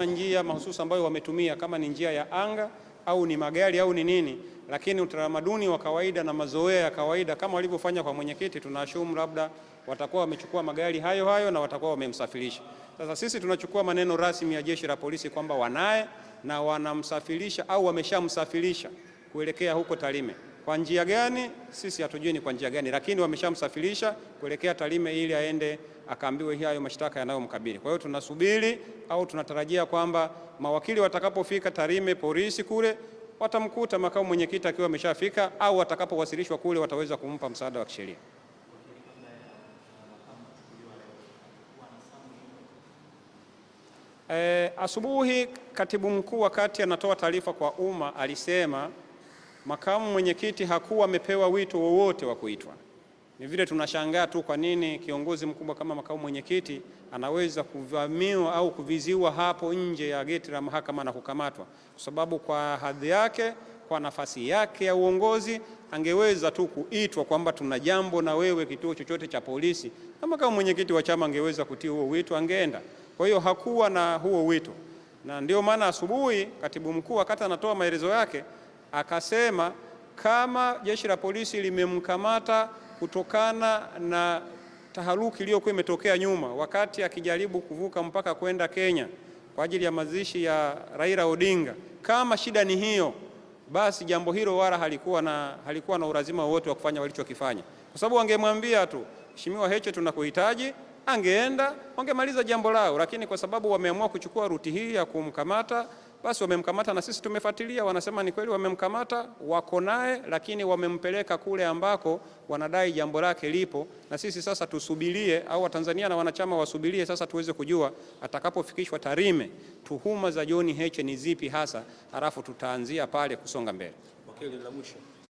njia mahususi ambayo wametumia kama ni njia ya anga au ni magari au ni nini, lakini utamaduni wa kawaida na mazoea ya kawaida kama walivyofanya kwa mwenyekiti, tunaashumu labda watakuwa wamechukua magari hayo hayo na watakuwa wamemsafirisha. Sasa sisi tunachukua maneno rasmi ya jeshi la polisi kwamba wanaye na wanamsafirisha au wameshamsafirisha kuelekea huko Tarime. Kwa njia gani sisi hatujui ni kwa njia gani, lakini wameshamsafirisha kuelekea Tarime ili aende akaambiwe hayo mashtaka yanayomkabili. Kwa hiyo tunasubiri au tunatarajia kwamba mawakili watakapofika Tarime polisi kule watamkuta makamu mwenyekiti akiwa ameshafika au watakapowasilishwa kule wataweza kumpa msaada wa kisheria. E, asubuhi katibu mkuu wakati anatoa taarifa kwa umma alisema makamu mwenyekiti hakuwa amepewa wito wowote wa kuitwa. Ni vile tunashangaa tu kwa nini kiongozi mkubwa kama makamu mwenyekiti anaweza kuvamiwa au kuviziwa hapo nje ya geti la mahakama na kukamatwa, kwa sababu kwa hadhi yake, kwa nafasi yake ya uongozi, angeweza tu kuitwa kwamba tuna jambo na wewe, kituo chochote cha polisi, na makamu mwenyekiti wa chama angeweza kutii huo wito, angeenda. Kwa hiyo hakuwa na huo wito, na ndio maana asubuhi katibu mkuu wakati anatoa maelezo yake akasema kama jeshi la polisi limemkamata kutokana na taharuki iliyokuwa imetokea nyuma wakati akijaribu kuvuka mpaka kwenda Kenya kwa ajili ya mazishi ya Raila Odinga, kama shida ni hiyo, basi jambo hilo wala halikuwa na, halikuwa na ulazima wowote wa kufanya walichokifanya, kwa sababu wangemwambia tu Mheshimiwa Heche, tunakuhitaji, angeenda wangemaliza jambo lao, lakini kwa sababu wameamua kuchukua ruti hii ya kumkamata basi wamemkamata na sisi tumefuatilia, wanasema ni kweli wamemkamata, wako naye, lakini wamempeleka kule ambako wanadai jambo lake lipo, na sisi sasa tusubirie, au Watanzania na wanachama wasubirie sasa tuweze kujua atakapofikishwa Tarime tuhuma za John Heche ni zipi hasa, halafu tutaanzia pale kusonga mbele. Wakili, la mwisho